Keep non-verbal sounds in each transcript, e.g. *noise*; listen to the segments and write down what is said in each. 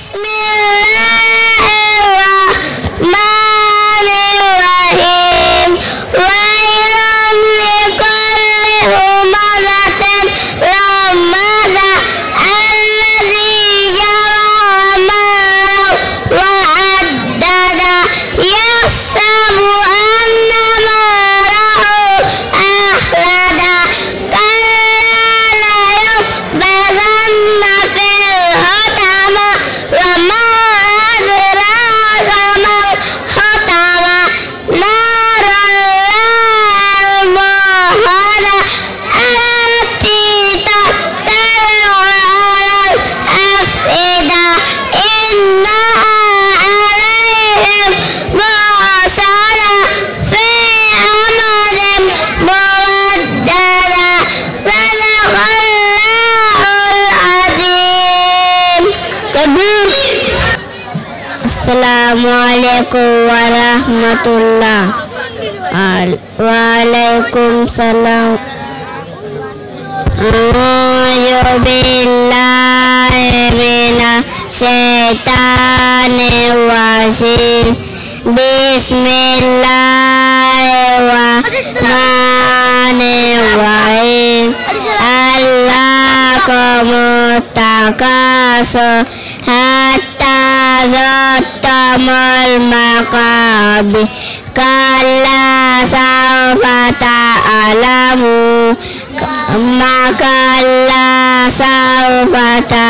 اسمي rahmatullah waaleykum salaam أعوذ بالله من الشيطان الرجيم بسم الله الرحمن الرحيم ألهاكم التكاثر ربي كلا سوف تعلمون ما كلا سوف تعلمون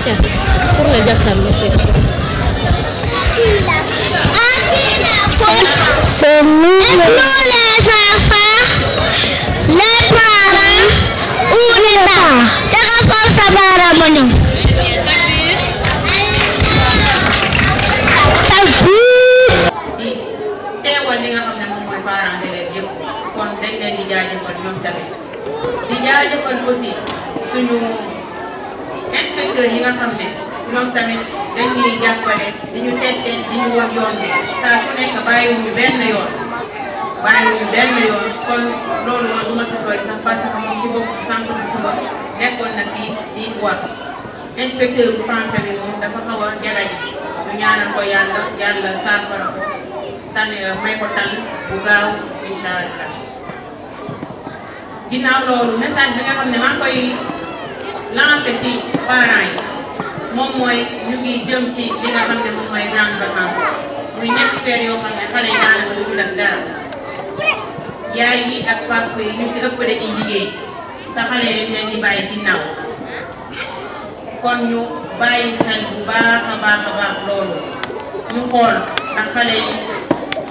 Atia tourné jàkkaarloo fii. C'est nous. Est-ce que les enfants, les parents ou l'État dafa foofu sa baaraam ma ñëw. teewal li nga xam ne moom mooy parents d'élèves yëpp kon dañ leen di jaajëfal ñoom tamit di jaajëfal aussi suñu. inspecteurs yi nga xam ne ñoom tamit dañuy jàppale di ñu tette di ñu won yoon bi saa su nekk bàyyiwuñu benn yoon bàyyiwuñu benn yoon kon loolu noonu du ma si sori sax parce que moom ci bopp sànq si suba nekkoon na fii di wax inspecteur bu français bi moom dafa xaw a jagaji ñu ko yàlla yàlla saafara ko tànn may ko tànn bu gaaw incha ginnaaw loolu message bi nga xam ne maa koy lancé ci parents yi moom mooy ñu ngi jëm ci li nga xam ne moom mooy grande vacance muy ñetti weer yoo xam ne xale yi daanaka duñu def dara yaay yi ak papa yi ñu si ëpp dañuy liggéey te xale yi dañ leen bàyyi ginnaaw kon ñu bàyyi xel bu baax baax loolu ñu xool ndax xale yi.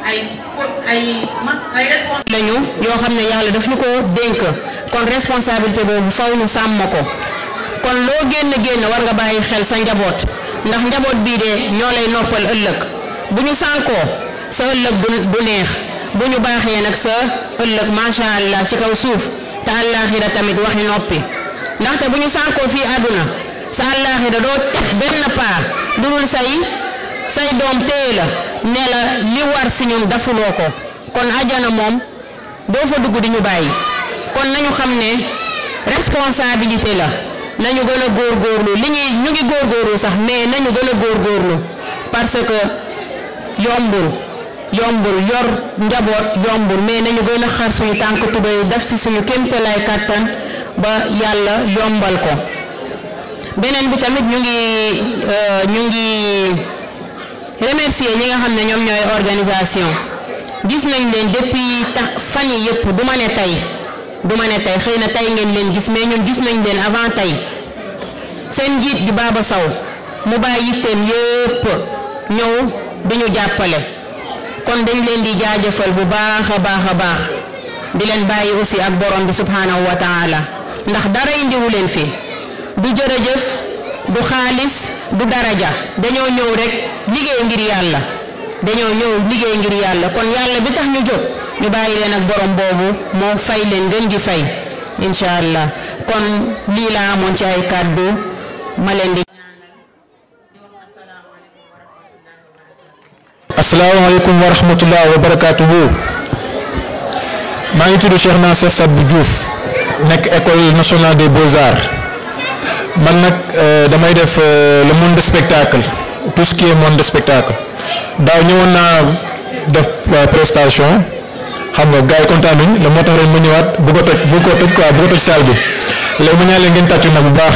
ay ay mas ay lañu yoo xam ne yàlla daf ñu ko dénk kon responsabilité boobu faw ñu sàmm ko kon loo génn génn war nga bàyyi xel sa njaboot ndax njaboot bii de ñoo lay noppal ëllëg bu ñu sànkoo sa ëllëg du neex bu ñu baaxee nag sa ëllëg macha allah ci kaw suuf te àllaaxira tamit waxi noppi ndaxte bu ñu sànkoo fii àdduna sa àllaaxira doo teg benn paa dudul say say doom téye la ne la li war si ñun dafuloo ko kon ajana moom doo fa dugg di ñu bàyyi kon nañu xam ne responsabilité la nañu gën a góorgóorlu li ñu ngi góor góorgóorlu sax mais nañu gën a góorgóorlu parce que yombul yombul yor njaboot yombul mais nañu gën a xar suñu tànk tubéy def si suñu kéemtalaay kàttan ba yàlla yombal ko beneen bi tamit ñu ngi. Euh, remercier ñi nga xam ne ñoom ñooy organisation gis nañ leen depuis fan yi yëpp du ma ne tey du ne tey xëy na tey ngeen leen gis mais ñun gis nañ leen avant tey seen njiit di Baba Sow mu bàyyi yitteem yëpp ñëw du ñu jàppale kon dañ leen di jaajëfal bu baax a baax a baax di leen bàyyi aussi ak borom bi subhanahu wa taala ndax dara indiwu leen fi du jërëjëf du xaalis du daraja dañoo ñëw rek liggéey ngir yàlla dañoo ñëw liggéey ngir yàlla kon yàlla bi tax ñu jóg ñu bàyyi leen ak borom boobu moo fay leen gën gi fay incha allah kon lii laa amoon ci ay kàddu ma leen di. asalaamaaleykum wa rahmatulah wa barakaatuhu. maa ngi tudd Cheikhna Cheikh Sadbou Diouf nekk école nationale des beaux arts. man nag eh, damay def eh, le monde de spectacle tout ce qui est monde spectacle daaw ñëwoon naa def eh, prestation xam nga gaa yi kontaan nañ la moo tax ren ma ñëwaat bu ko toj bu ko toj quoi bu ko toj bi léegi ma ñaan leen ngeen tàccu bu baax.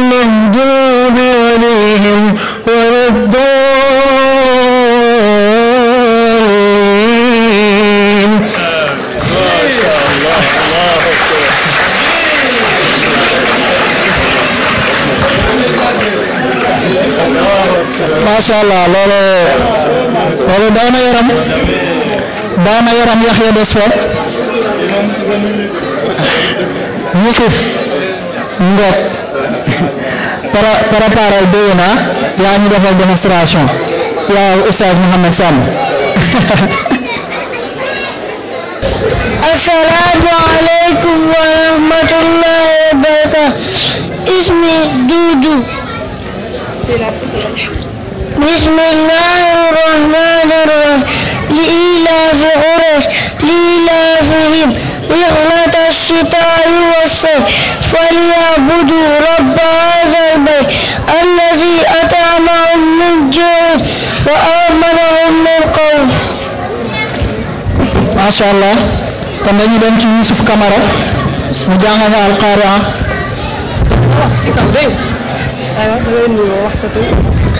macha allah loolu loolu daw na yaram daw na yaram Yaxya des fa Yusuf Ngop para préparer déwén ah yaa ñu defal démonstration yaa Oustaz Mouhamed Sam السلام عليكم ورحمة الله وبركاته اسمي دودو بسم الله الرحمن الرحيم لإيلاف قريش لإيلافهم رحلة الشتاء والصيف فليعبدوا رب هذا البيت الذي أطعمهم من جوع وآمنهم من قوم ما شاء الله kon dañuy dem ci Youssouf Camara mu jàngal Al Qari'a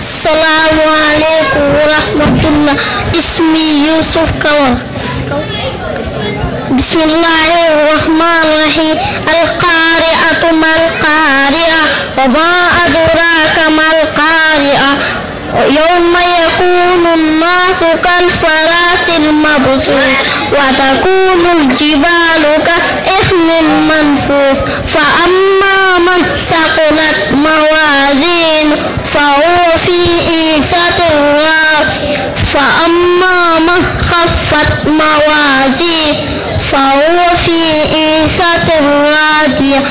Assalaamu aleykum wa rahmatullah ismi Yusuf Kawar bismillahi rahmaan rahim alqaari'atu mal qaari'a wa maa adraaka mal qaari'a yawma yakuunu nnaasu kal faraasil mabsuus wa takuunu ljibaalu kal ixmil manfuus fa ammaa man saqulat mawaaziinuhu فهو في عيشة راضية فأما من خفت موازينه فهو في عيشة راضية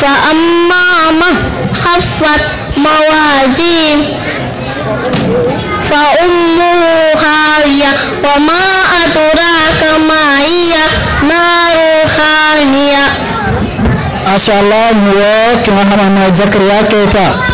فأما من خفت موازينه فأمه هاوية وما أدراك ما هي نار هانية. Macha Allah ñu woo ki nga xam ne mooy Zakaria Keita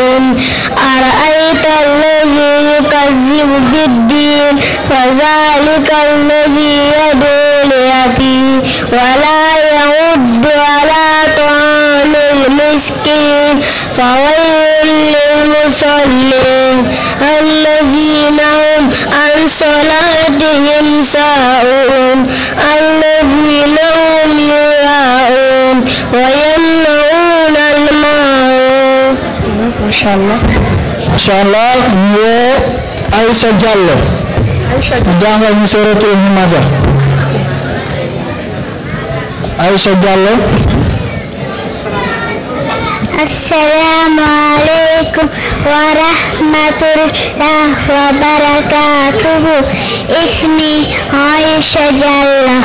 الدين أرأيت الذي يكذب بالدين فذلك الذي يدعو اليتيم ولا يود على طعام المسكين فويل للمصلين الذين هم عن صلاتهم ساهون الذين هم يراءون ويمنعون macha allah. macha allah ñu woo Aïcha Diallo. Aïcha Diallo jàngal ñu sóoratul Maza. Aïcha Diallo. asalaamaaleykum wa rahmatulah wa barakaatuhu ismi Aïcha Diallo.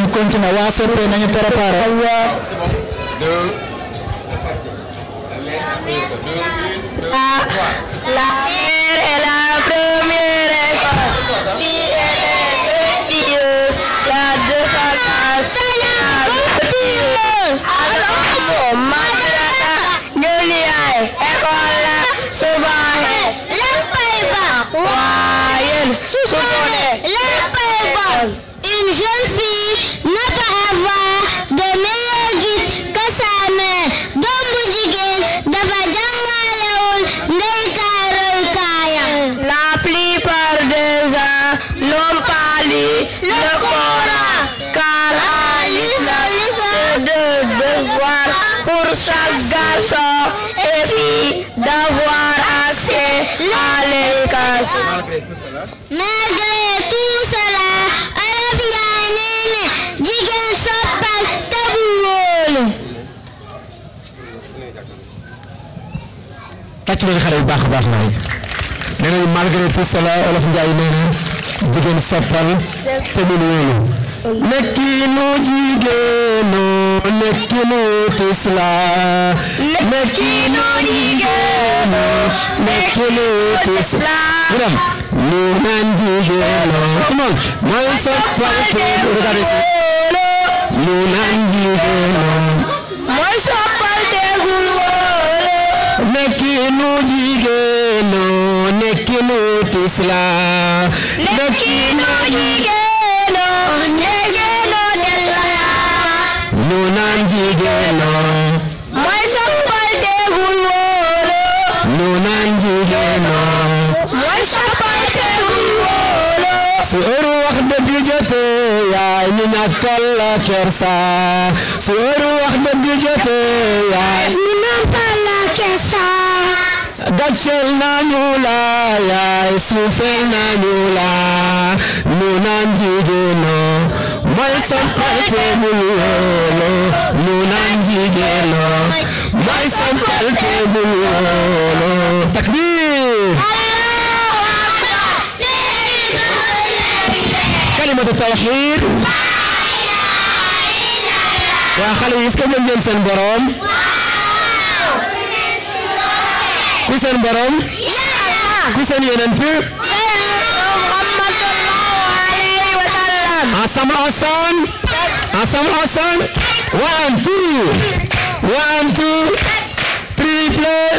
ñu continué waa CP nañu préparé. La lit le Coran car à l'islam c'est de devoir pour chaque garçon et fille d'avoir accès à l'éducation. Malgré tout cela Olof Njaay nee na jigéen soppal tabu wóolu. tàcc nañu xale bu baax a baax laay nee na jigéen sappal te du wóolu nekkinu jigéenu nekkinu tisla nekkinu jigéenu nekkinu tisla ñu naan jigéenu come on mooy sappal te du regardez ça ñu naan jigéenu mooy sappal te du wóolu nekkinu jigéenu nekkinu Islam jigéeno mooy soppal teewul wóolu ñu naan jigéeno wax dëgg jotee yaay ñu ñàkkal la kersa su wax dëgg jotee yaay ñu ñàkkal la kersa gàcceel nañu la yaay suufeel nañu la nu naan jigéenoo mooy sampal te bu looloo nu naan jigéenoo mooy sampal te bu looloo takbir kalimatu tawxiid waa xale yi est-ce que mën ngeen seen borom ku seen borom ku seen yonent asam asan asam asan one two one two three play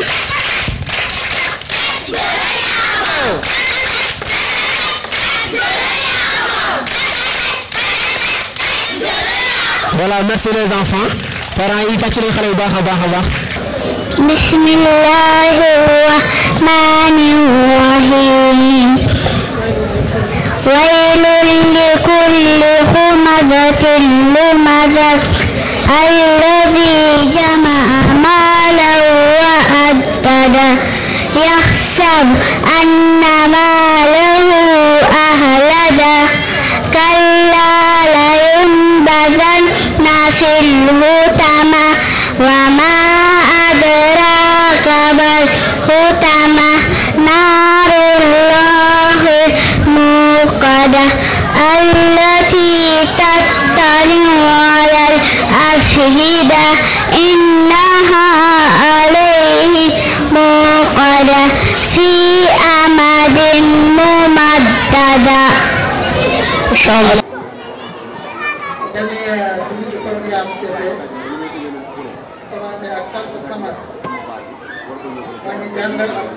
voilà merci les enfants parents yi tàcc nañ xale yu baax a baax a baax بسم الله الرحمن الرحيم ويل لكل همزة لمزة الذي جمع مالا وعدده يحسب أن ماله أهلده كلا لينبذن في الهتمة وما شهيدا إنها عليه مقدا في أمد ممددا إن Thank you.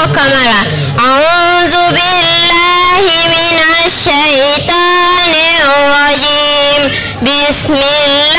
والقمر أعوذ بالله من الشيطان الرجيم بسم الله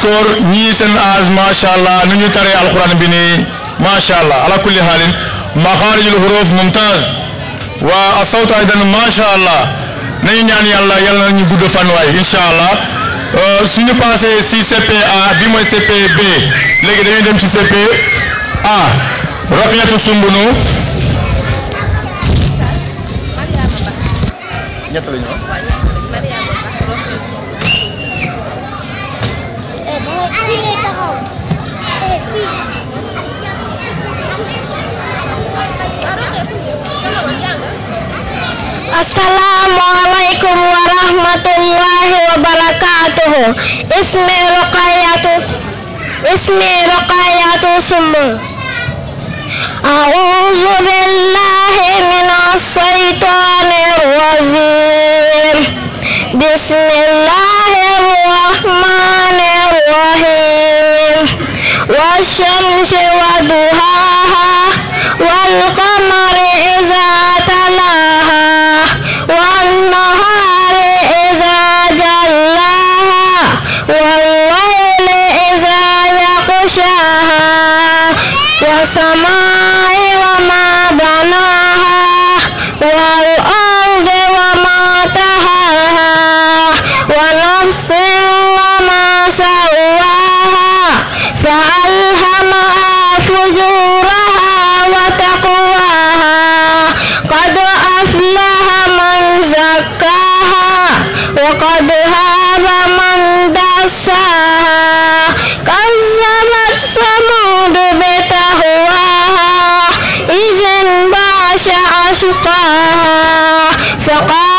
pastoor ñii seen âge macha allah nu ñu taree alquran bi nii macha allah ala kulli haalin maxaarijul huruf mumtaaz waa asawtu aydan macha allah nañu ñaan yàlla yàlla nañu gudd fan waay incha allah euh, suñu passé si CPA bi mooy CPB léegi dañuy dem ci CPA Rabiatu Sumbunu ñett la asalaamaaleykum wa rahmatullahi wa barakaatuhu ismi ruqayatu ismi ruqayatu summa a'uuzu billahi minash shaytaanir rajiim bismillahir rahmaanir rahiim wash-shamsi wa duhaahaa wal سقاها فقال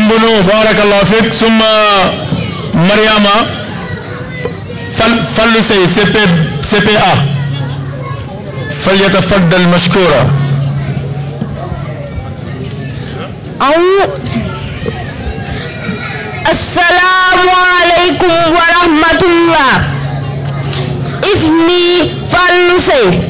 Umbulu barakallahu fik summa Mariama Fallou Seye CP CPA falyatafaddal mashkura aw assalaamu aleykum wa rahmatullah ismi Fallou Seye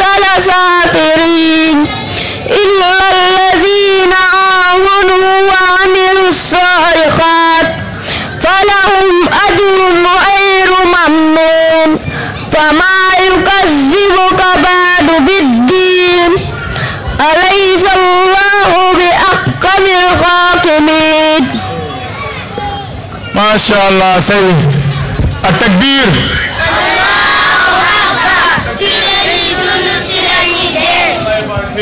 أرسل سافرين إلا الذين آمنوا وعملوا الصالحات فلهم أجر غير ممنون فما يكذبك بعد بالدين أليس الله بأحكم الحاكمين ما شاء الله سيد التكبير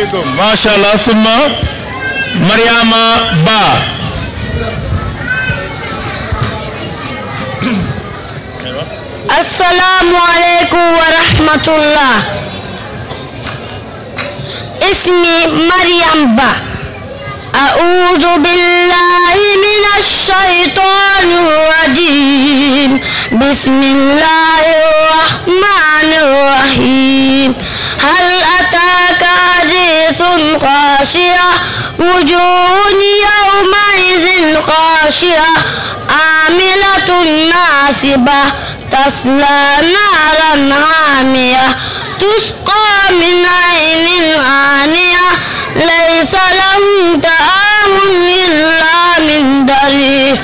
aleykum macha allah summa Mariama Ba السلام عليكم ورحمة الله اسمي مريم با أعوذ بالله من الشيطان الرجيم بسم الله الرحمن الرحيم هل أتاك حديث غاشية وجوه يومئذ خاشعة عاملة ناصبة تصلى نارا حامية تسقى من عين آنية ليس لهم طعام إلا من ضريع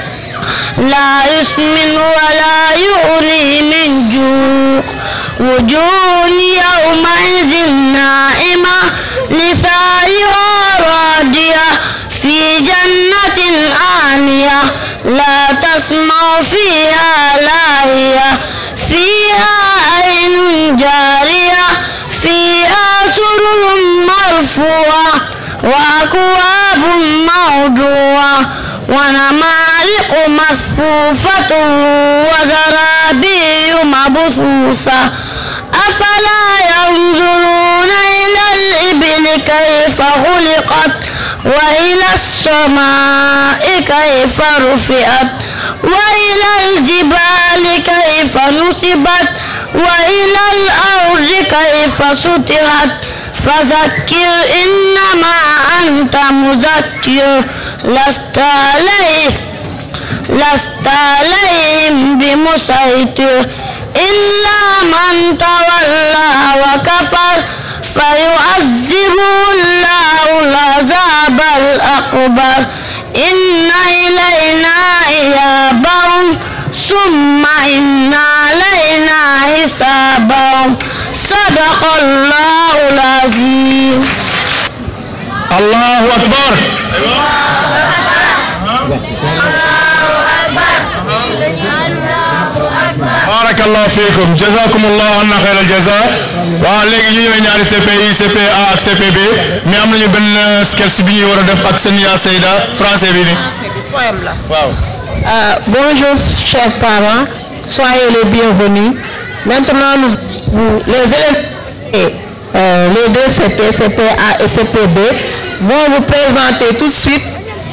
لا يسمن ولا يغني من جوع وجوه يومئذ نائمة لسعيها راضية في جنة عالية لا تسمع فيها لاهية فيها عين جارية فيها سرر مرفوعة وأكواب موضوعة ونمارق مصفوفة وزرابي مبثوثة أفلا ينظرون إلى الإبل كيف خلقت وإلى السماء كيف رفعت وإلى الجبال كيف نصبت وإلى الأرض كيف سطحت فذكر إنما أنت مذكر لست عليهم لست عليهم بمسيطر إلا من تولى وكفر فيعذبه الله العذاب الأكبر إن إلينا إيابهم ثم إن علينا حسابهم صدق الله العظيم الله أكبر barakallahu fiikum jazakumullahu anna xayral jaza waaw léegi ñu ñëwee ñaari CPI CPA ak CPB mais am nañu benn sketch bi ñuy a def Seyda français bi euh, bonjour chers parents soyez les bienvenus maintenant les élèves euh, les deux CP CPB vont vous tout de suite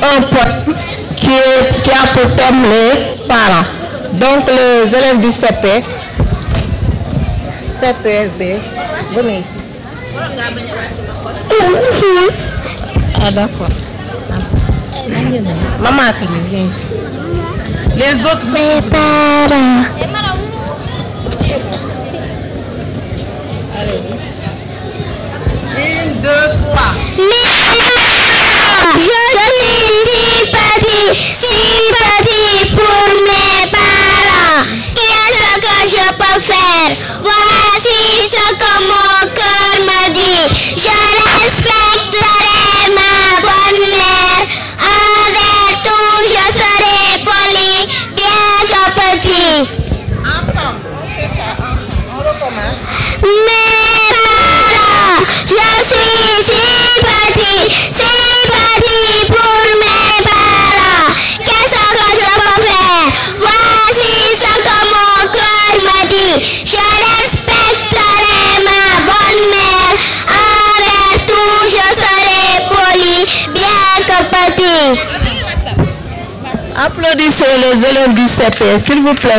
un poème qui est les parents Donc les élèves du CP, CPFB, venez ici. Ah d'accord. Ah. Maman, viens ici. Les autres. Mes parents. Une, deux, trois. Mais je suis faire. Voici ce que mon cœur me dit. Je respecte. Applaudissez les élèves du CP, s'il vous plaît.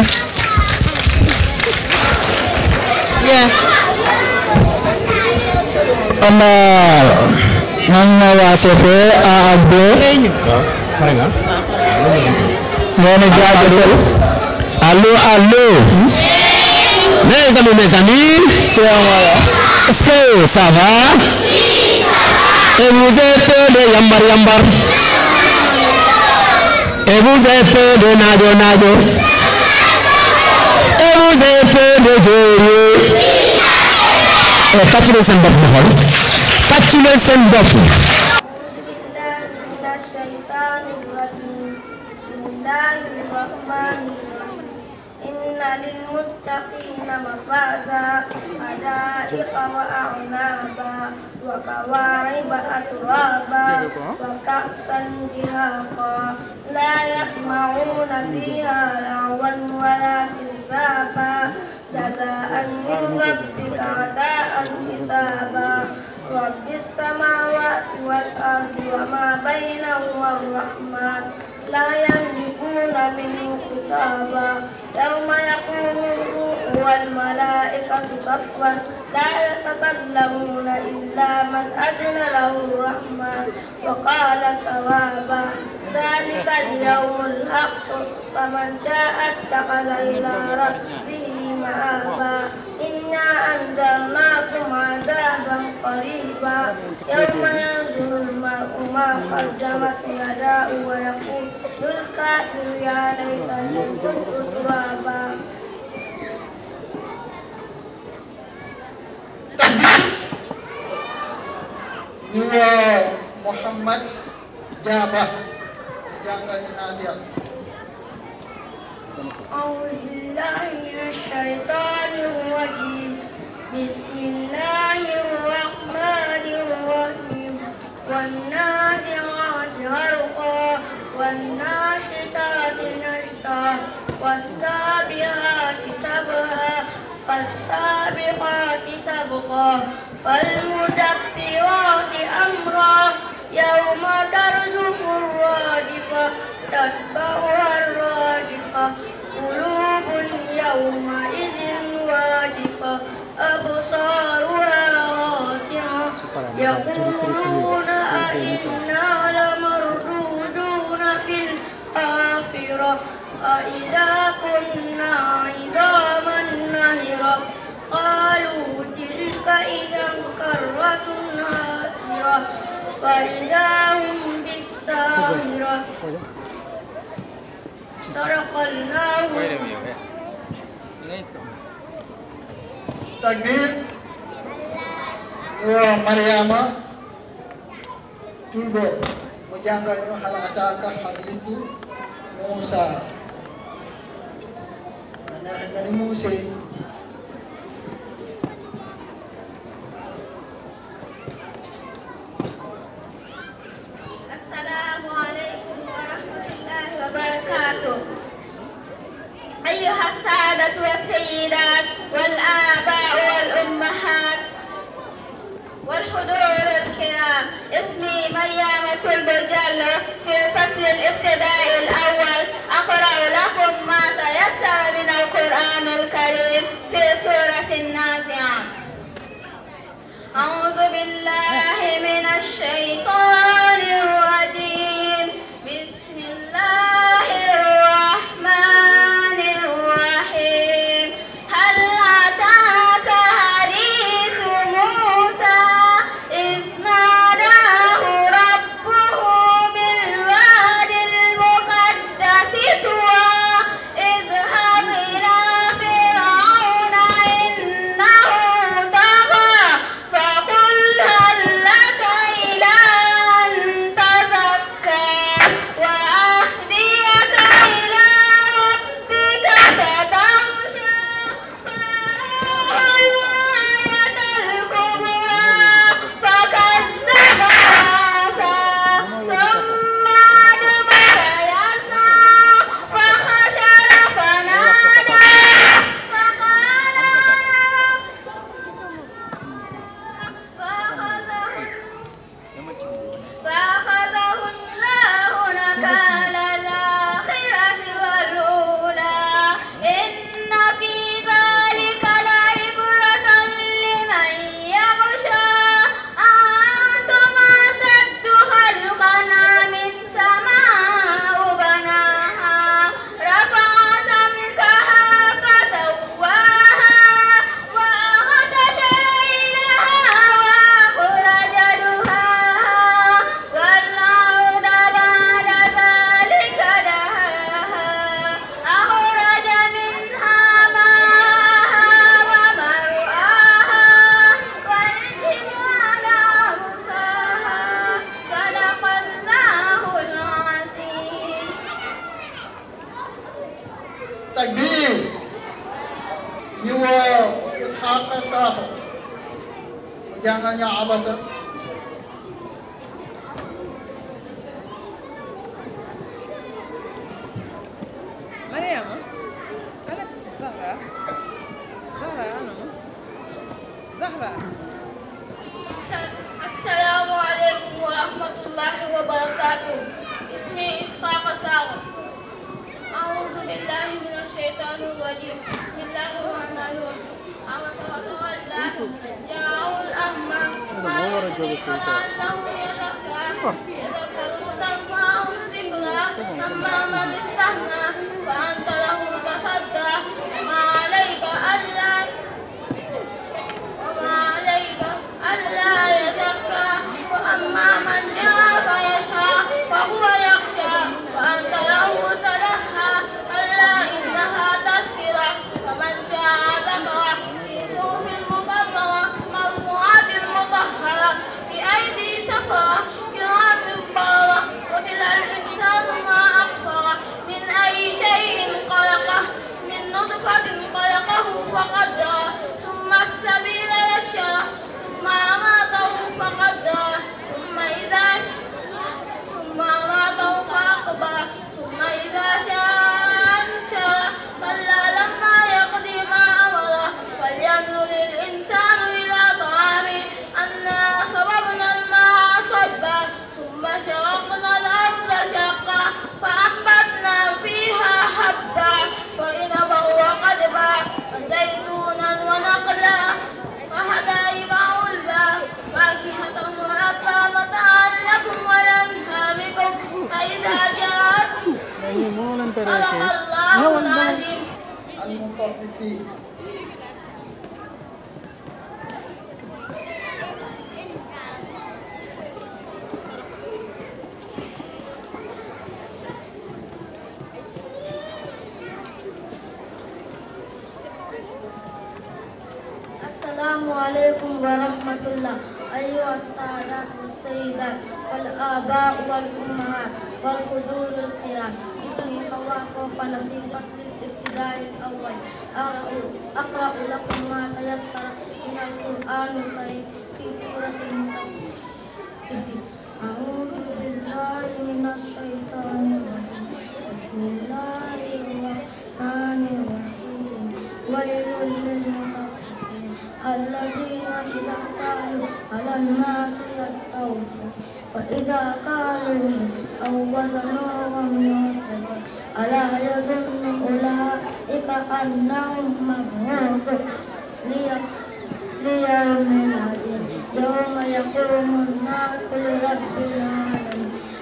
Allô, allô. Mes amis, mes amis. Est-ce que ça va? Et vous êtes des yambar yambar. Et vous êtes de Nago Nago. Et vous êtes de Dioyo. et eh, tàccu leen seen bopp ñu xool. tàccu leen seen bopp. الشيطان الرجيم بسم الله الرحمن الرحيم إن للمتقين مفازا حدائق وأعنابا وكواعب أترابا وكأسا دهاقا لا يسمعون فيها لعوا ولا كذابا جزاء من ربك عطاء حسابا رب السماوات والأرض وما بينهما الرحمن لا يملكون منه كتابا يوم يقوم الروح والملائكة صفا لا يتكلمون إلا من أذن له الرحمن وقال صوابا ذلك اليوم الحق فمن شاء اتخذ إلى ربه عذابا إنا أنزلناكم عذابا قريبا يوم ينظر المرء ما قدمت يداه ويقول للكافر يا ليت زدت ترابا ñu woo Mouhamad Diaba jàngal ñu naasiya بالله من الشيطان الرجيم بسم الله الرحمن الرحيم والنازعات غرقا والناشطات نشطا والسابعات سبها فالسابقات سبقا فالمدبرات أمرا يوم ترجف الرادفة تتبعها الرادفة يومئذ واجفة أبصارها خاشعة يقولون أئنا لمردودون في الحافرة أإذا كنا عظاما نهرة قالوا تلك إذا كرة خاسرة فإذا هم بالساهرة صدق الله takbir yow Mariama Tourbe mu jàngal ñu hal ataaka hadiisu Muusa ma neex nga ni Muuse aleykum wa rahmatullaahi أيها السادة والسيدات والآباء والأمهات والحضور الكرام اسمي مريم البجلو في الفصل الابتدائي الأول أقرأ لكم ما تيسر من القرآن الكريم في سورة النازعات أعوذ بالله من الشيطان محمد استهنى نطفة خلقه فقدره ثم السبيل يشرح ثم أماته فقدره ثم إذا ثم أماته فأقبره ثم إذا شاء أنشره كلا لما يقضي ما أمره فلينظر الإنسان إلى طعامه أنا صببنا الماء صبا ثم شققنا الأرض شقا فأنبتنا فيها حبا وإن عذبا وزيتونا ونقلا وحدائق علبا فاكهة وأبا متاعا لكم ولأنعامكم فإذا جاءتكم صدق الله العظيم المطففين عليكم ورحمة الله أيها السادات والسيدات والآباء والأمهات والحضور الكرام اسمي خواف وفن في فصل الابتدائي الأول أقرأ لكم ما تيسر من القرآن الكريم في سورة المطففين أعوذ بالله من الشيطان الرجيم بسم الله الرحمن الرحيم ويل للمطففين الذين إذا قالوا على الناس يستوفون وإذا قالوا أو وزنوهم يوصلون ألا يظن أولئك أنهم مبعوثون ليوم عظيم يوم يقوم الناس لرب العالمين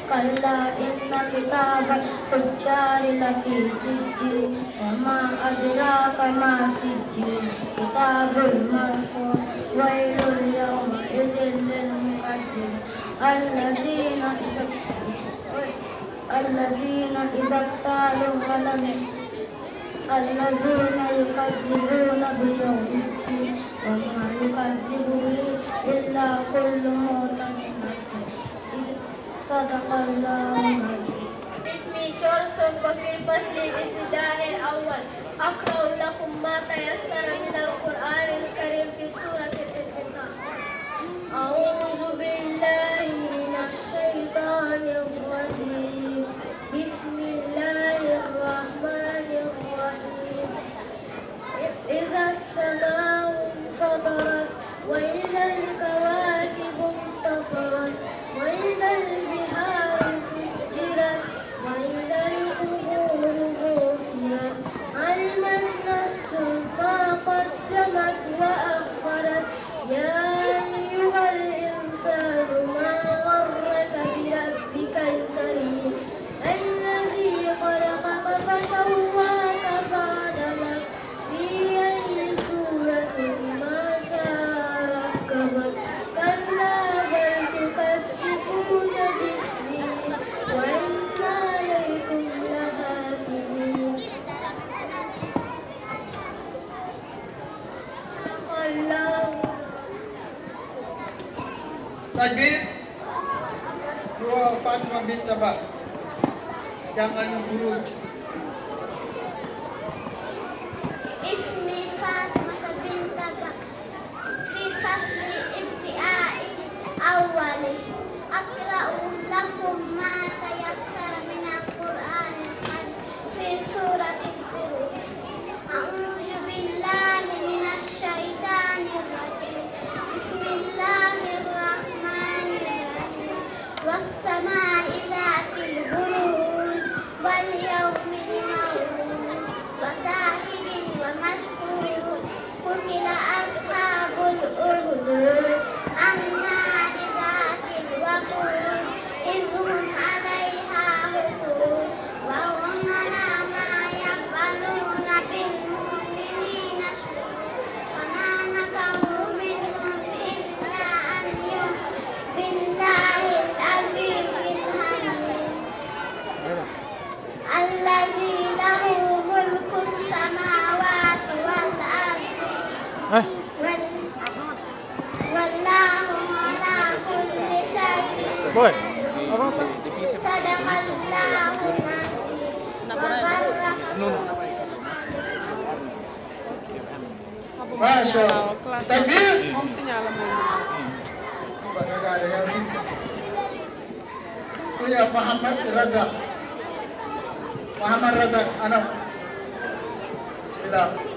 كلا إن كتاب الفجار لفي سجين وما أدراك ما سجين كتاب مرقوم ويل يومئذ للمكذبين الذين إذا الذين إذا اكتالوا على الذين يكذبون بيوم الدين وما يكذب به إلا كل معتد صدق الله العظيم اسمي جولسون وفي الفصل الابتدائي الأول أقرأ لكم ما تيسر من القرآن الكريم في سورة الانفطار أعوذ بالله من الشيطان الرجيم بسم الله الرحمن الرحيم إذا السماء انفطرت وإذا الكواكب انتصرت والقلب takbir ñu woo Fatima Binta Ba jàngal ñu buruj ismi Fatima Binta Ba fi fasli ibtidaai awwali aqra'u lakum ma tayassara min al-qur'ani fi surati al-buruj Ouais. Avant ça. Non, non. macha allah takbir moom signal la moom. parce que da nga fi. ku ya Mouhamad Razak. Mouhamad Razak anam. bismillah.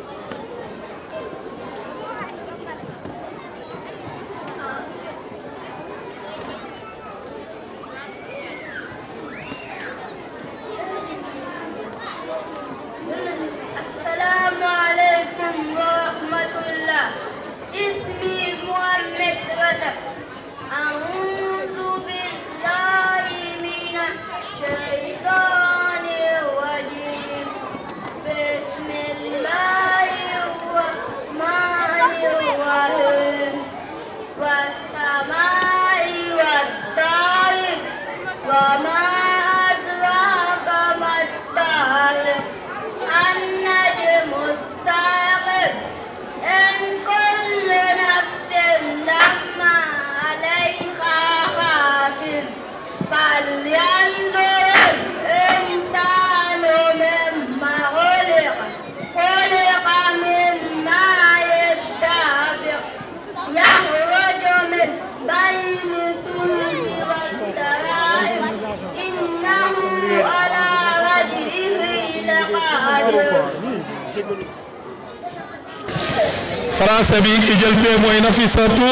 français bi ki jël pee mooy Nafisatu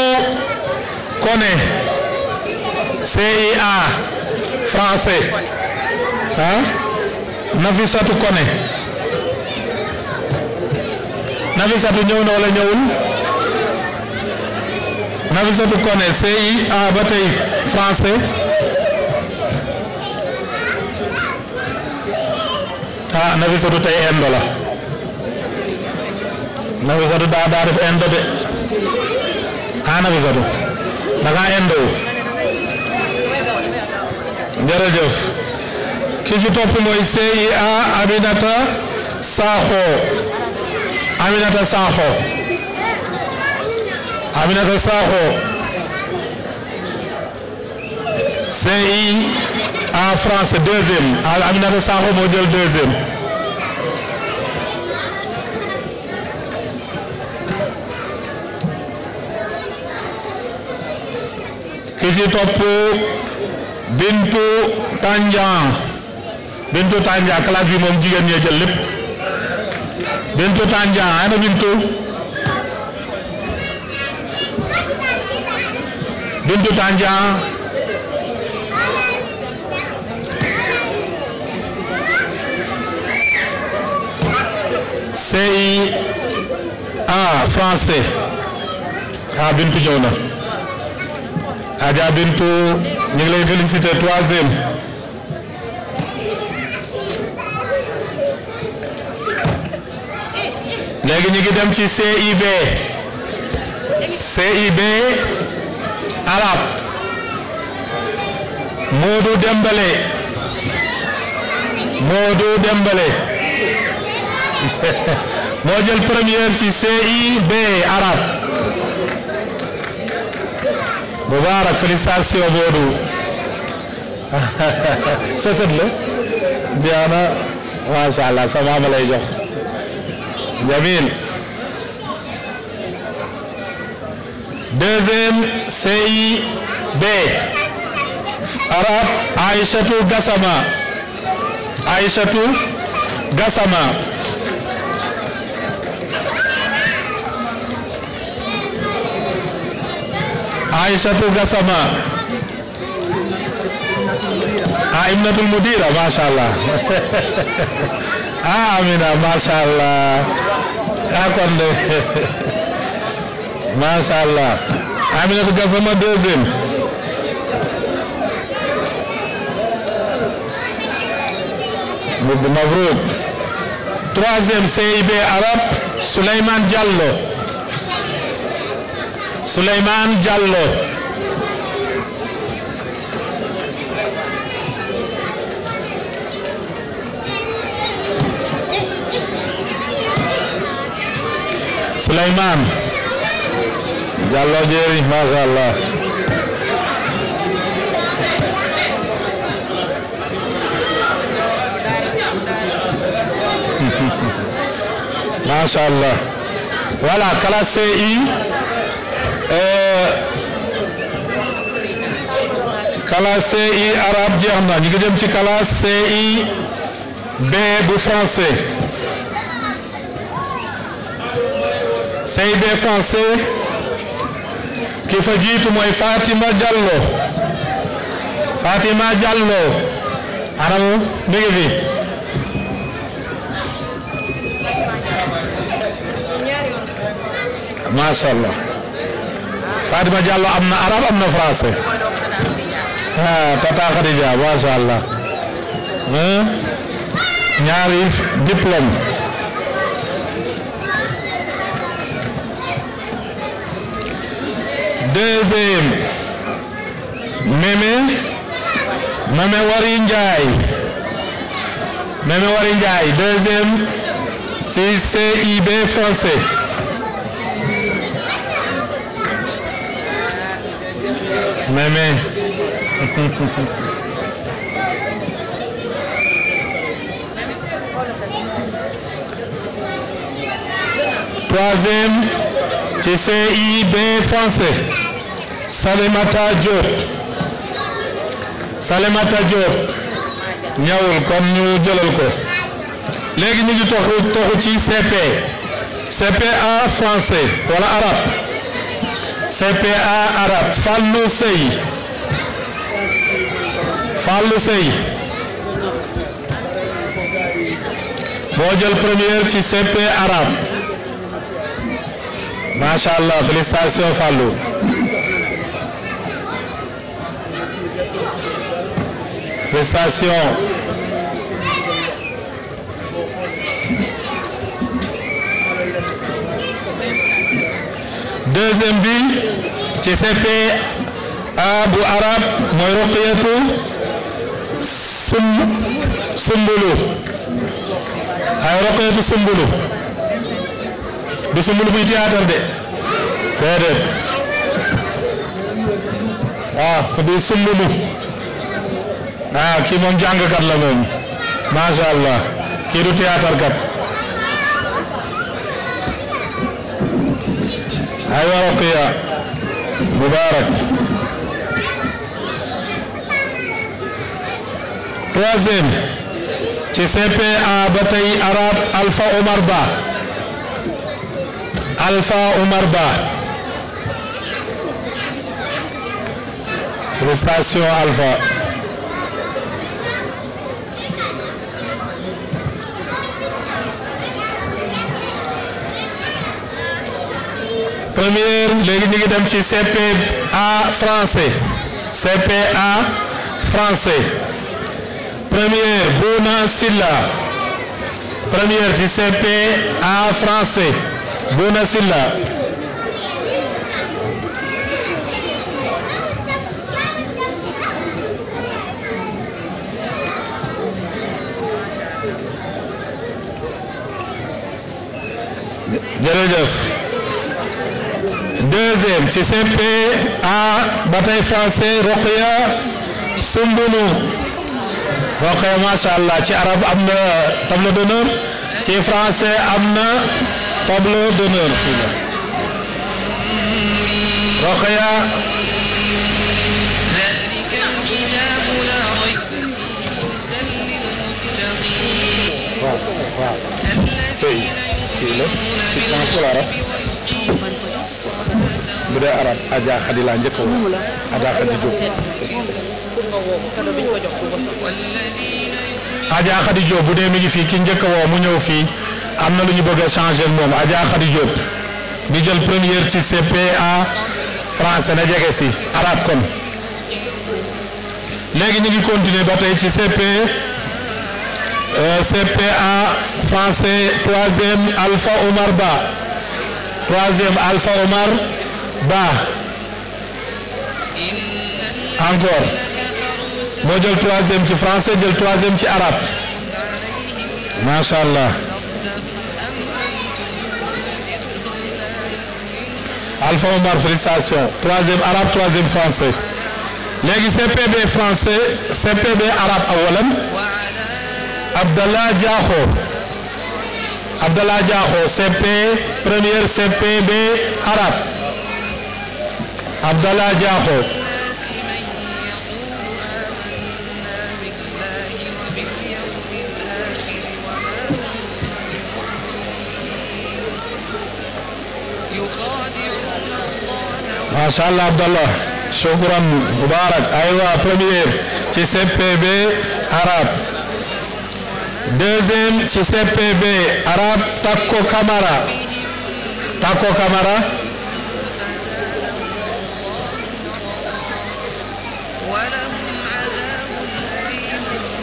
Koné CIA français ah Nafisatu Koné Nafisatu ñëw na wala ñëwul Nafisatu Koné CIA ba tey français ah Nafisatu tey indo Nafisatu daa daa def endo de ah Nafisatu da ngaa endo ki ci topp mooy CIA Aminata Sakho Aminata Sakho Aminata Sakho CIA en France deuxième Aminata Sakho moo jël deuxième. bi ci topp Bintu Tandian Bintu Tandian moom jigéen ñee jël lépp Bintu Tandian ana Bintu Bintu Tandian CI A français ah Bintu ñëw Adja Bintu ñu ngi lay féliciter troisième. léegi ñu ngi dem ci CIB CIB arab Modou Dembélé Modou Dembélé *laughs* moo jël première ci CIB arab Moubarak félicitation Modou sa *laughs* sët la jaana macha allah sa maama lay jox Jamil deuxième CIB arabe Aïchatou Gassama Aïchatou Gassama Aïssatou Gassama ah Imnatul Mudira macha allah ah *laughs* Amina macha allah ah kon de *laughs* macha allah Aminatou Gassama deuxième Mabrouk troisième CIB arabe Souleymane Diallo Souleymane Diallo Souleymane Diallo jeeri masha *laughs* masha Allah voilà classé i Euh, classe CI arabe jeex na ñu ngi jëm ci classe CI B bu français CI B français ki fa jiitu mooy Fatima Diallo Fatima Diallo anam mi ngi fi macha Fatima Diallo am na arabe am na français ah Tata Khadija macha allah ñaari diplôme Meme Meme Wari Ndiaye Meme Wari Ndiaye mais mais troisième ci CIB français Salimata Diop Salimata Diop ñawul kon ñu jëlal ko léegi ñu ngi toxu toxu ci CP CPA français wala arabe CPA arabe Fallou Sey Fallou Sey moo jël première ci CP arab macha allah félicitations Fallou deuxième bi ci CPA bu arab mooy Ruqiyatu Sumbulu ay Ruqiyatu Sumbulu du Sumbulu buy théâtre de déedéet waaw ah, du Sumbulu ah kii moom jàngkat la moom macha allah kii du théâtre kat. aywa Roqiya Moubarak troisième ci CPA ba arab Alpha Omar Ba Alpha Omar Ba prestation Alpha première léegi ñu ngi dem ci CPA français CPA français première Bouna Silla première ci CPA français Bouna Silla deuxième ci CP A bataille français Roqya Sumbulu Roqya allah ci arab am na tableau d'honneur ci français am na tableau d'honneur Roqya waaw waaw bu dee arab Adja Khadi laa njëkk a woo Adja bu dee mi ngi fii ki njëkk a woo mu ñëw fii am na lu ñu bëgg a changer moom Adja Khadi Diop jël première ci CPA france na jege si arab kon léegi ñu ngi continuer ba tey ci CP euh, CPA français troisième Alpha Omar Ba. Troisième, Alpha Omar Ba. Encore. moo jël troisième ci français jël troisième ci arabe. Macha Allah. Alpha Omar félicitations. Troisième arabe troisième français. léegi CPB français CPB arabe awalan. Abdallah Diakho. Abdallah Diakho CP première CPB arabe Abdallah Diakho macha allah Abdallah shukran mubarak aywa première ci CPB arabe deuxième ci CPB arabe Tako Kamara Tako Kamara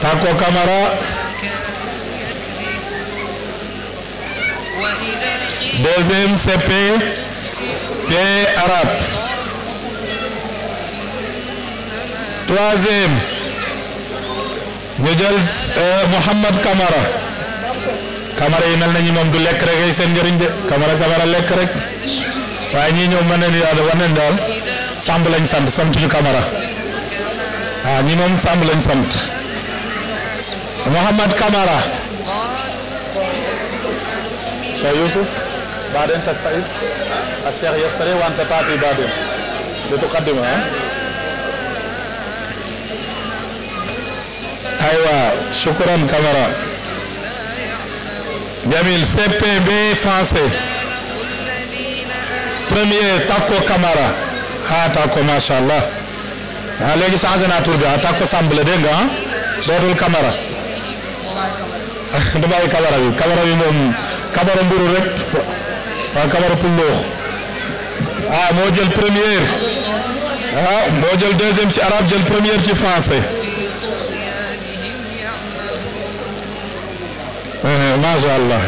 Tako Kamara deuxième CP P arabe troisième ñu jël euh, Mouhamad Camara Camara yi mel nañu moom du lekk rek ay seen njëriñ de Camara Camara lekk rek waaye ñii ñëw mën nañu daal war nañu daal Samb lañ sant sant ñu Camara waaw ñi moom Samb lañ sant Mouhamad Camara. Cheikh Youssouf Baden Tastaïd ak Aywa shukran Camara Jamil CPB français premier Tako Camara ah Tako macha allah ah léegi changé bi ah Tako Samb la dégg nga ah dootul Camara *laughs* du bi Camara bi moom Camara mburu rek waaw Camara Puloox ah moo jël première ah, moo jël deuxième ci arabe jël première ci français. Uh-huh, macha allah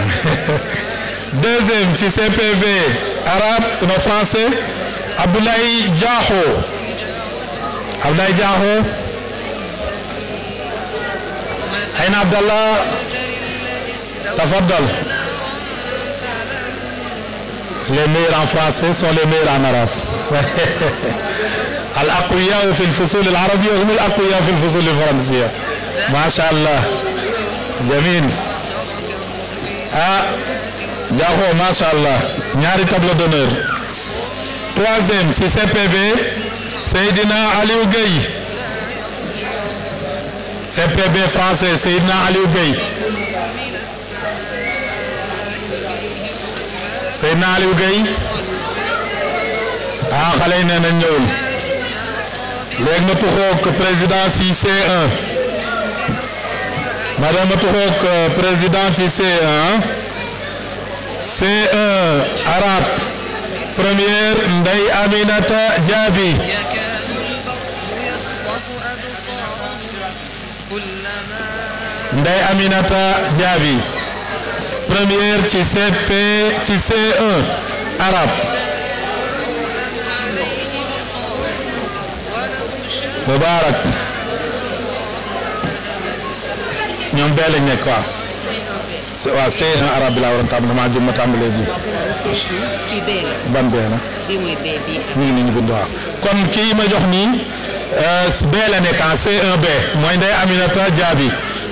*laughs* deuxième ci CPV arabe non français Abdoulaye Diakho Abdoulaye Diakho Aïna Abdallah tafaddal les meilleurs en français sont les meilleurs en arabe *laughs* al aqwiyaa fi al-fusuul al-arabiyya hum al aqwiyaa fi al-fusuul al-fransiyya macha allah jamil ah Diakho macha allah ñaari table d'honneur troisième ci CPV Seydina Aliou Gueye CPB français Seydina Aliou Gueye Seydina Aliou Gueye ah xale yi nee na ñëwul léegi na ci C1 Madame Tourouk, euh, présidente C1. C1 e e arabe. Première Ndeye Aminata Diaby. Ndeye Aminata Diaby. Première ci CP ci C1 e arabe. Mubarak. ñoom bee lañ nekk waaw. waaw C1 arabe bi laa waroon tàmbali maa jëm ma tàmbalee bii. ban bee la. bii mooy bee ñu ngi nii kii ma jox nii euh, bee la nekk ah C1B mooy Ndeye Aminata Diaby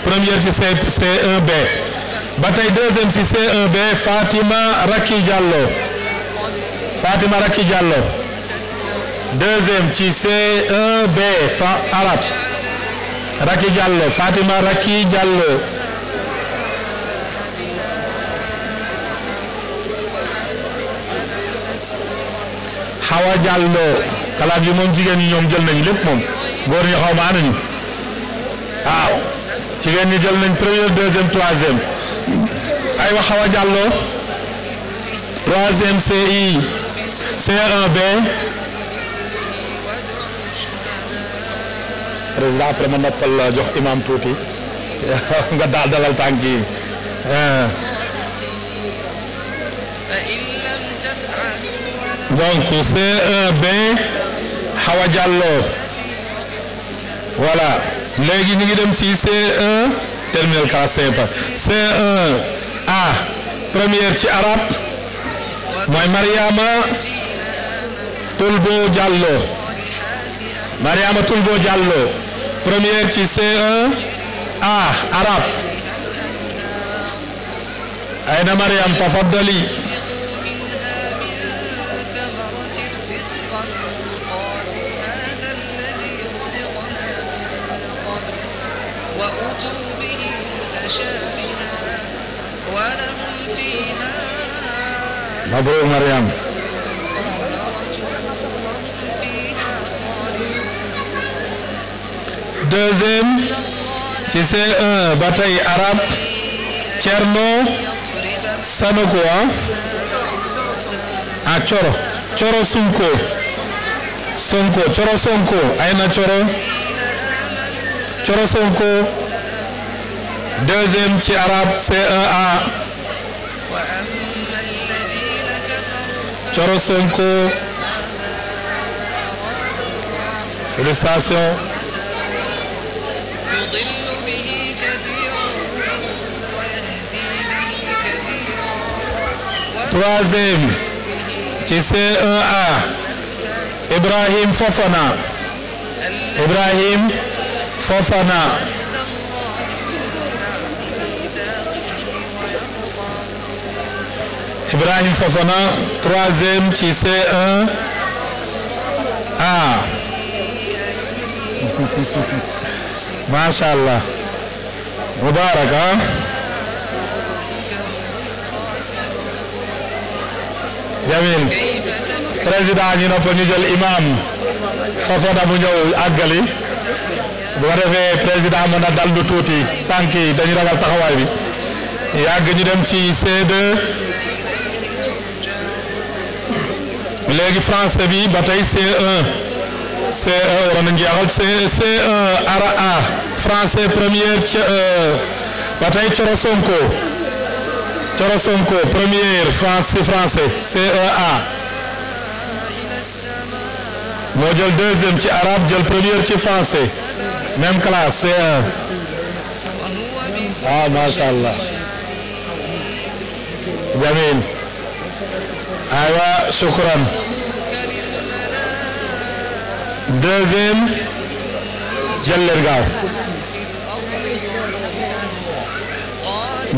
première ci C1B ba tey deuxième ci C1B Fatima Raki Diallo Fatima Raki ci C1B fa Raki Diallo Fatima Raki Diallo Hawa Diallo xalaat yi moom jigéen ñi ñoom jël nañu lépp moom góor ñi xaw ma anañu waaw jigéen ñi jël nañ premier deuxième troisième aywa Hawa Diallo troisième CI CE1B président après ma noppal jox imam tuuti *laughs* nga daal dalal tànk yi ah. donc c'est un bain xaw a jàlloo voilà léegi ñu ngi dem ci C1 terminal classe sympa C1 A première ci arabe mooy Mariama Tulbo Diallo Mariama Tulbo Diallo première ci CE A arabe Aïda Mariam tafaddali مبروك مريم deuxième ci C1 bataille arabe Thierno Sanokoa a ah. Coro ah, Coro Sunko Sonko Coro Sonko Coro Coro Sonko deuxième ci arabe C1A Coro Sonko illustration troisième ci CEA Ibrahim Fofana Ibrahim Fofana Ibrahim Fofana troisième ci C1 A *laughs* macha allah mubarak jamil président ñu noppal ñu jël imam Fofana mu ñëw àggali bu ko defee président mën na tuuti tànk yi dañu ragal taxawaay bi yàgg ñu dem ci c de léegi français bi ba tey C1 C1 waroon nañu jeexal C C1 ara A français première euh, ba tey Coro Sonko Coro Sonko première France français CEA moo jël deuxième ci arabe jël première ci français même classe CE1 ah macha allah Jamil aywa shukran deuxième jël leen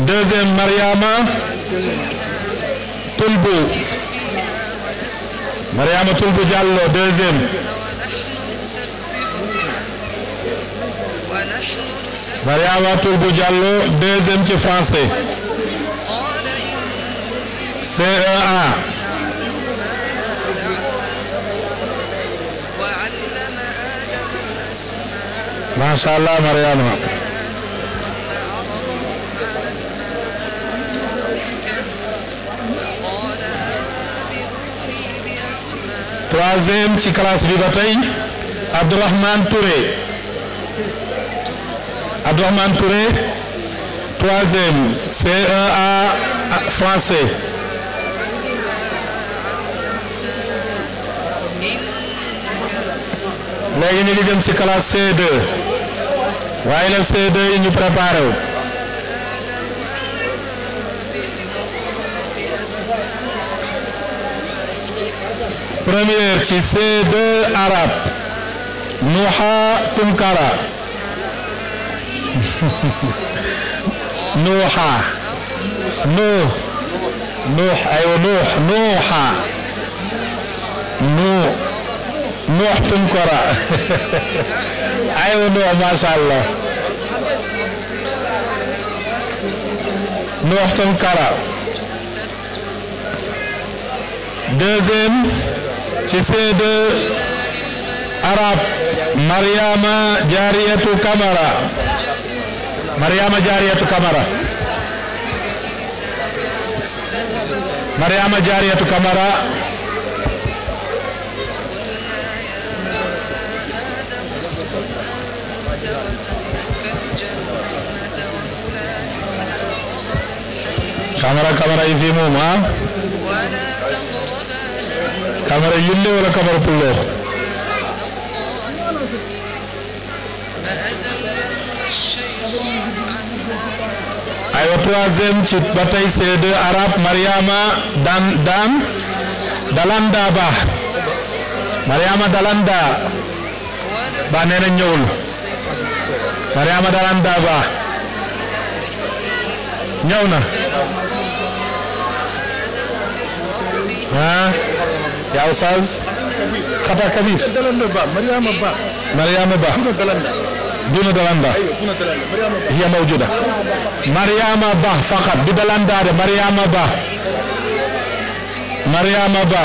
deuxième Mariama Tulbu Mariama Tulbu Diallo deuxième Mariama Tulbu Diallo deuxième ci français CEA Masha Allah Mariama troisième ci classe bi ba tey Abdourahmane Touré Abdourahmane Touré troisième CEA français léegi ñu ngi jëm ci classe C2 waaye élève C2 yi ñu première ci C2 arabe Nuha Tunkara Nuha Nuh Nuh aywa Nuh Nuha Nuh Nuh Tunkara aywa Nuh masha Allah Nuh Tunkara deuxième ci C2 arab Mariama Jaariyatu Kamara Mariama Jaariyatu Kamara Mariama Jaariyatu Kamara Kamara Kamara yi fi moom ah kamara yille wala kamara pullox aywa troisième ci ba tey C2 Mariama Dan Dalanda Ba Mariama Dalanda na Mariama Dalanda Ba ñëw ah. yaa Oustaz. Xata Kabir. Mariama Ba. Mariama Ba. duna dalanda. hiya mawjuda. Mariama Ba faqat du dalandaare Mariama Ba. Mariama Ba.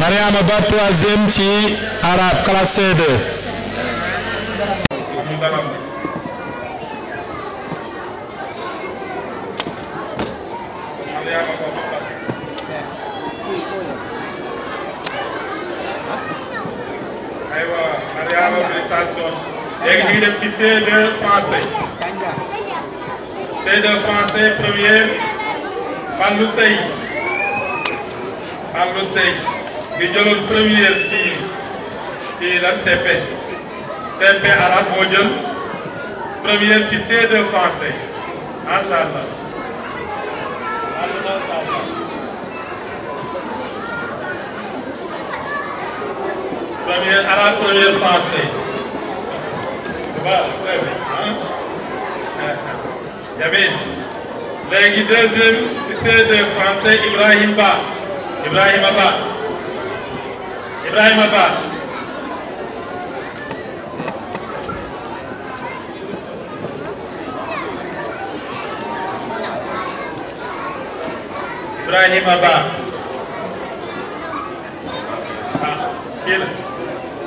Mariama Ba troisième ci arabe classe C2. station léegi ci C2 français C2 français première Fallou Sey Fallou Sey di jëloon première ci ci lan CP CP arabe ci c français macha allah. Première arabe première français. waaw très bien Jamil si CD français Ibrahima Ba Ibrahima Ba Ibrahima Ba ah, kii la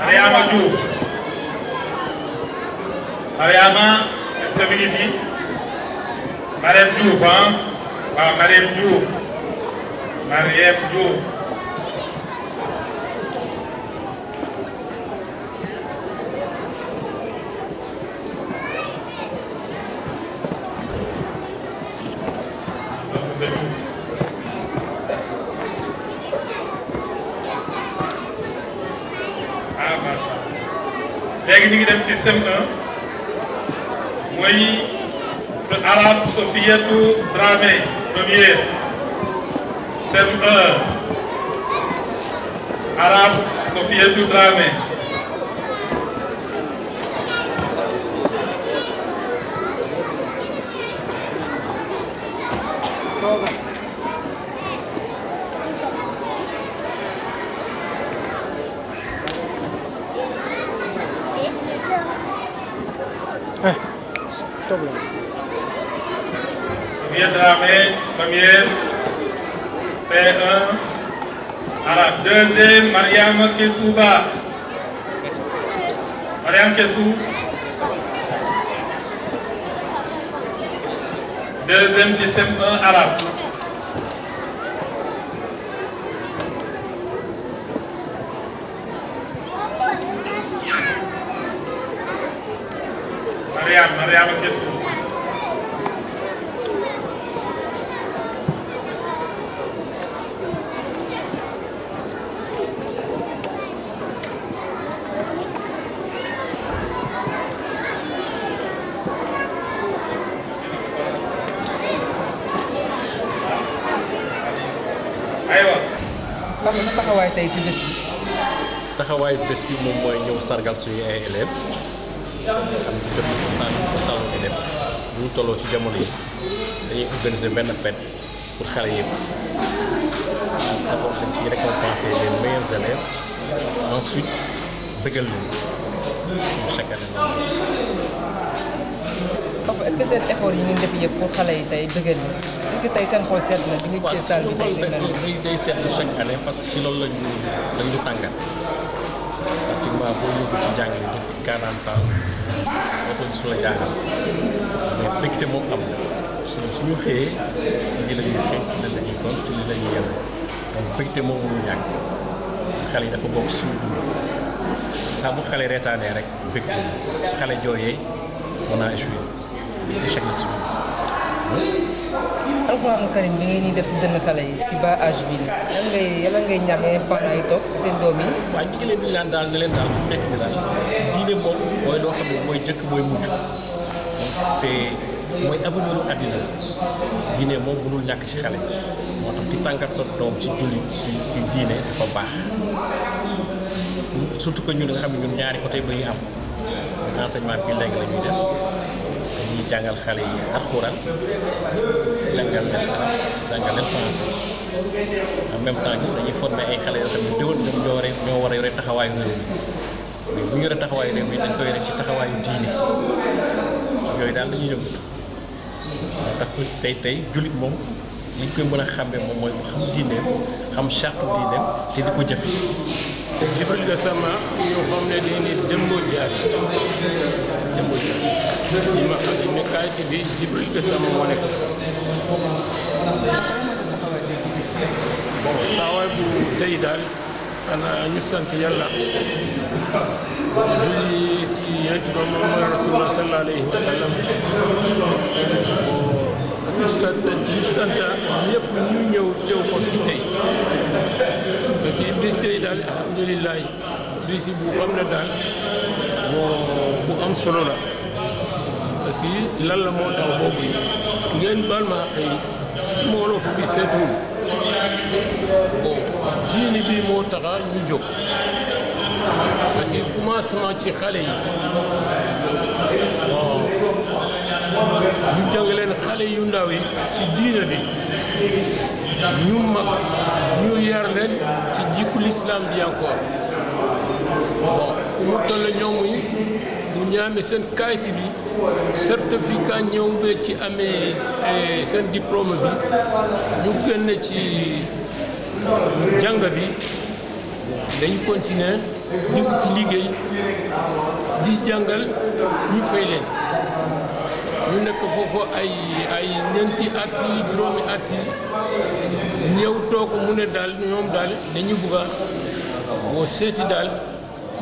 Mariama Diouf Mariama est-ce que mi ngi fi Mariam Diouf ah waaw ah, pays arabe Sofiatou Dramé première cm Dramé, première. C1. À la deuxième, Mariam Kessouba. Mariam Kessou. Deuxième CM1 arabe. taxawaayu bés bi moom mooy ñëw sargal suñu ay élèves xam ne jot ko sànq ko sànq di def bu ñu tolloo ci jamono yi dañuy organiser benn fête pour xale yëpp d'abord dañ ciy récompenser les meilleurs ensuite bëggal leen comme chaque année papa est-ce que seen yi ngeen def yëpp pour xale yi tey bëggal ñu est-ce que seen xol seet na bi nga gisee salle bi tey day mel day parce que ci loolu lañu lañu tàngat boo yóbbu ci jàngale depuis quarante ans oto su la jaaxal mais mbégte moom am su suñu xëyee lii la xëy ci li kon ci li la ñuy yem donc moom mënu ñàkk xale yi dafa bokk suñu dund saa bu xale reetaanee rek bég su xale jooyee on a échoué échec la suñu alxuraanu karim bi ngay ñuy def si dënn xale yi si bas âge bi lan ngay yàlla ngay ñaax yi toog seen doom yi. waaw ñu leen di laan daal ne leen daal fu nekk ni daal diine moom mooy loo te mooy avenir u ñàkk ci xale moo tax di tànkat sa doom ci julli ci diine dafa baax surtout que ñun nga xam ne ñun ñaari côté ba ñu am enseignement bi léegi la ñuy jàngal xale yi alxuraan jàngal leen arab jàngal leen français en même temps dañuy former ay xale yoo ñoo war a bu ñu yore taxawaayu dañ koy yore ci taxawaayu diine yooyu daal la ñuy yëngu tax ku tey tey jullit moom ñu koy mën a xàmmee moom mooy mu xam diineem xam charte diineem te di ko jëfe Jibril Gassama ñu xam ne lii nii Demba Diagne ma xam ne ne kaay bi taawaay bu tey daal xanaa ñu sant yàlla julli ci yonent ba Muhammad Rasulullah sallallahu alayhi wa sallam sant di sant ñëpp ñu ñëw teew ko fi tey parce que bis daal alhamdulilah bis bu xam ne daal bon bu am solo la parce lan la moo tax boobu yi ngeen baal ma xëy mooloo fi bi diini bi moo taxa ñu jóg parce que commencement ci xale yi. ñu jàngaleen xale yu ndaw yi ci diina bi ñu mag ñu yar leen ci jikku lislaam bi encore bon fu mu toll ñoom yi bu ñu seen kayit bi certificat ñëw ci amee eh, seen diplôme bi ñu génn ci jàng bi dañu continuer di wuti liggéey di jàngal ñu fay leen. ñu nekk foofu ay ay ñeenti at yi at yi ñëw toog mu ne daal ñoom daal dañu bëgg a boo seeti daal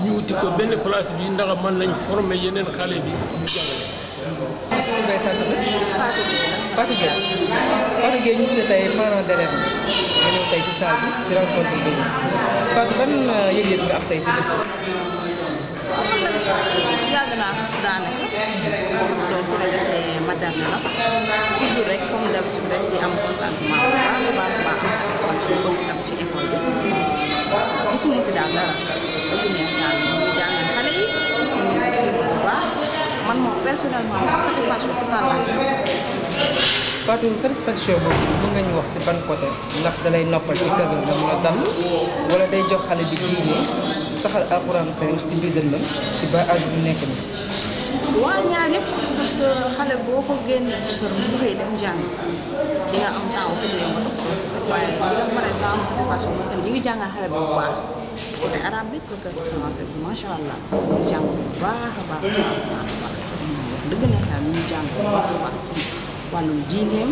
ñu uti ko benn place bi ndax mën nañ formé yeneen xale bi ñu jàngale. Fatou Gueye Fatou Gueye ñu si salle bi di rencontre bi Fatou ban euh, yëg-yëg nga tey si bés yàgg naa daanaka sama doom fu ne defee maternelle la toujours rek comme am contentement bu baax a a baax am satisfaction bës ci école bi gisuma fi daal dara dëgg neex yàlla ñu ngi jàngal xale yi ñu ngi ko suivre bu baax man moom personnellement moom nga ñu wax ci ban côté ndax dalay noppal ci kër ga nga mën wala day jox xale bi diine saxal alxuraan karim si biir dënnam si ba âge bu nekk nii. waaw ñaar xale boo ko génnee sa kër bu xëy dem jàng di nga am temps bu xëy nga toppatoo sa kër waaye bu la paree nga am sa défation mooy que ñu ngi jàngal xale bu baax côté arabe bi côté français bi macha allah ñu jàng bu baax a baax a baax a baax dëgg na daal ñu jàng bu baax a baax si wàllum diineem.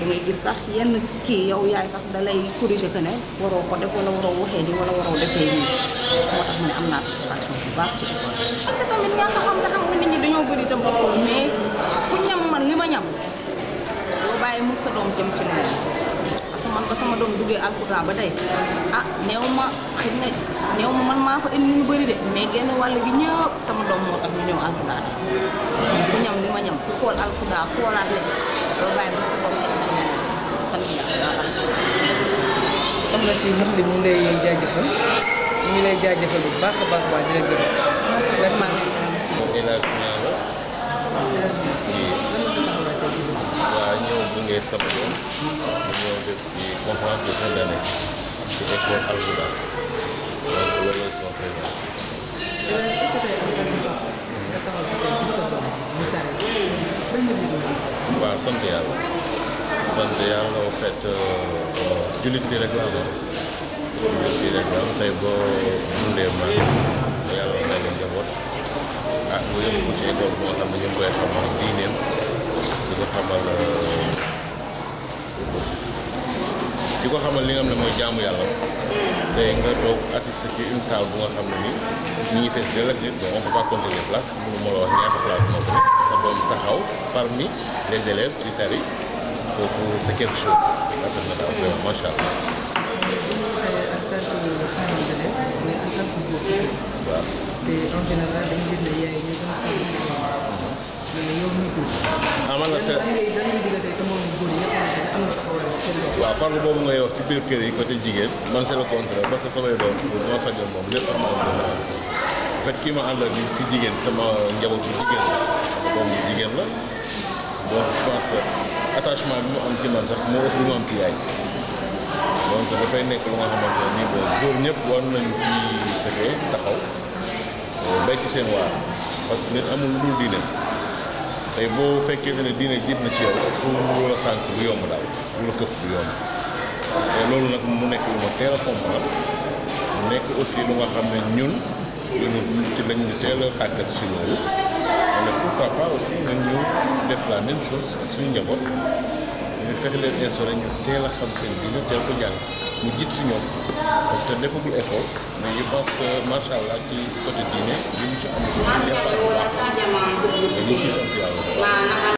da ngay gis sax yenn kii yow yaay sax da lay corriger que ne waroo ko def wala waroo waxee nii wala waroo defee nii moo tax ma ne am naa satisfaction bu baax ci école te tamit nga xam ne xam nit ñi dañoo bëri te bokkul mais ku ñam man li ma ñam doo bàyyi mukk sa doom jëm ci leneen man ba sama doom duggee alxuraan ba tey ah néew ma xëy na néew ma man maa fa indi ñu bëri de mais genn wàll gi ñëpp sama doom moo tax ñu ñëw alxuraan ku ñam li ma ñam ku xool alxuraan xoolaat leen doo bàyyi ba sa doom nekk ci leneen sant yàlla soxna si mën li mu lay jaajëfal ñu ngi lay jaajëfal bu baax la jàngee sama yoon ñu ñëw def si conférence de fin d'année si école Alhuda donc loolu la sama présence waaw sant yàlla sant yàlla en fait euh, jullit bi rek laa doon jullit bi rek laa tey boo dundee man yàlla may la njaboot ah bu yëngu ci école boo xam ne ñu ngi koy xamal diineem di ko xamal euh, di ko xamal li nga xam ne mooy jaamu yàlla te nga toog assister ci une bu nga xam ne nii ñu ngi fees dell ak nit bon on peut pas compter la wax ñaata place moo ko sa doom taxaw parmi les élèves di tari kooku c'est quelque chose na daal vraiment macha allah. Euh, ah man la seet waaw farlu boobu ngay wax ci biir kër yi côté jigéen man c'est le contraire parce que samay doom moom lépp sama doom la fekk kii ma àndal bi jigéen sama njabootu jigéen la sama doom bu que attachement taxaw euh, bay ci seen waar parce amul lu dul diine tey boo fekkee ne diine jiit na ci yow pour la sànq bu yomb daal bu la këf bu yomb loolu nag mu nekk lu ma teel a mu nekk aussi lu nga xam ne ñun ñun ci lañ ñu teel a tàggat ci loolu mais pourquoi pas aussi ñun ñu def la même chose suñu njaboot ñu fexe leen instauré ñu teel xam seen diine teel ko jàng ñu jiit si ñoom parce que defagul effort mais je pense que allah ci côté diine li ñu ci am ko ñu defal bu baax ñu ci sant yàlla